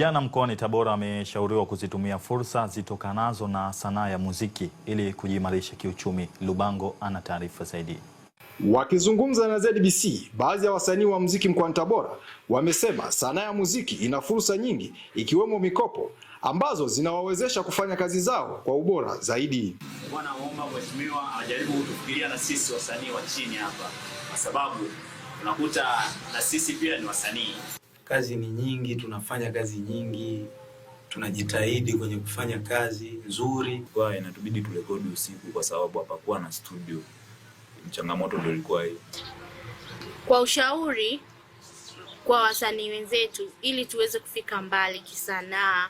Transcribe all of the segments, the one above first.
Vijana mkoani Tabora wameshauriwa kuzitumia fursa zitokanazo na sanaa ya muziki ili kujiimarisha kiuchumi. Lubango ana taarifa zaidi. Wakizungumza na ZBC, baadhi ya wasanii wa muziki mkoani Tabora wamesema sanaa ya muziki ina fursa nyingi ikiwemo mikopo ambazo zinawawezesha kufanya kazi zao kwa ubora zaidi. Bwana waomba mheshimiwa ajaribu kutufikiria na sisi wasanii wa chini hapa, kwa sababu unakuta na sisi pia ni wasanii kazi ni nyingi, tunafanya kazi nyingi, tunajitahidi kwenye kufanya kazi nzuri. Kwa inatubidi turekodi usiku kwa sababu hapakuwa na studio. Changamoto ndio ilikuwa hiyo. Kwa ushauri kwa wasanii wenzetu, ili tuweze kufika mbali kisanaa,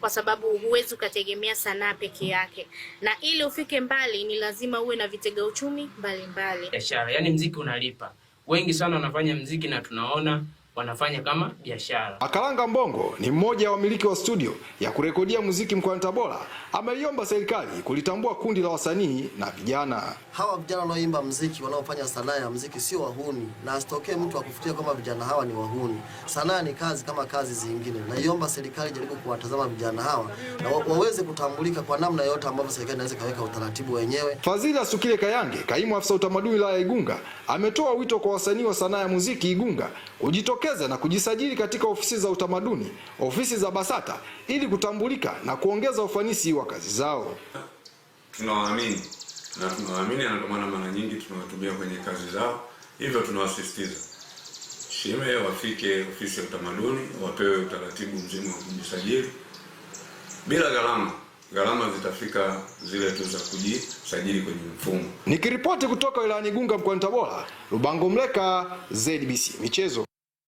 kwa sababu huwezi ukategemea sanaa peke yake, na ili ufike mbali ni lazima uwe na vitega uchumi mbalimbali, biashara. Yani mziki unalipa, wengi sana wanafanya mziki na tunaona wanafanya kama biashara. Akalanga Mbongo ni mmoja wa wamiliki wa studio ya kurekodia muziki mkoani Tabora, ameiomba serikali kulitambua kundi la wasanii na vijana. Hawa vijana wanaoimba muziki, wanaofanya sanaa ya muziki sio wahuni, na asitokee mtu akufutia kwamba vijana hawa ni wahuni. Sanaa ni kazi kama kazi zingine. Naiomba serikali jaribu kuwatazama vijana hawa na waweze kutambulika kwa namna yote ambavyo serikali inaweza ikaweka utaratibu wenyewe. Fadhila Sukile Kayange, kaimu afisa utamaduni la Igunga, ametoa wito kwa wasanii wa sanaa ya muziki Igunga kujitokea kujitokeza na kujisajili katika ofisi za utamaduni, ofisi za BASATA ili kutambulika na kuongeza ufanisi wa kazi zao. Tunawaamini na tunawaamini, na ndio maana mara nyingi tunawatumia kwenye kazi zao, hivyo tunawasisitiza shime wafike ofisi ya utamaduni, wapewe utaratibu mzima wa kujisajili bila gharama gharama zitafika zile tu za kujisajili kwenye mfumo. Nikiripoti kutoka wilayani Igunga mkoani Tabora, Lubango Mleka, ZBC Michezo.